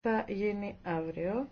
θα γίνει αύριο.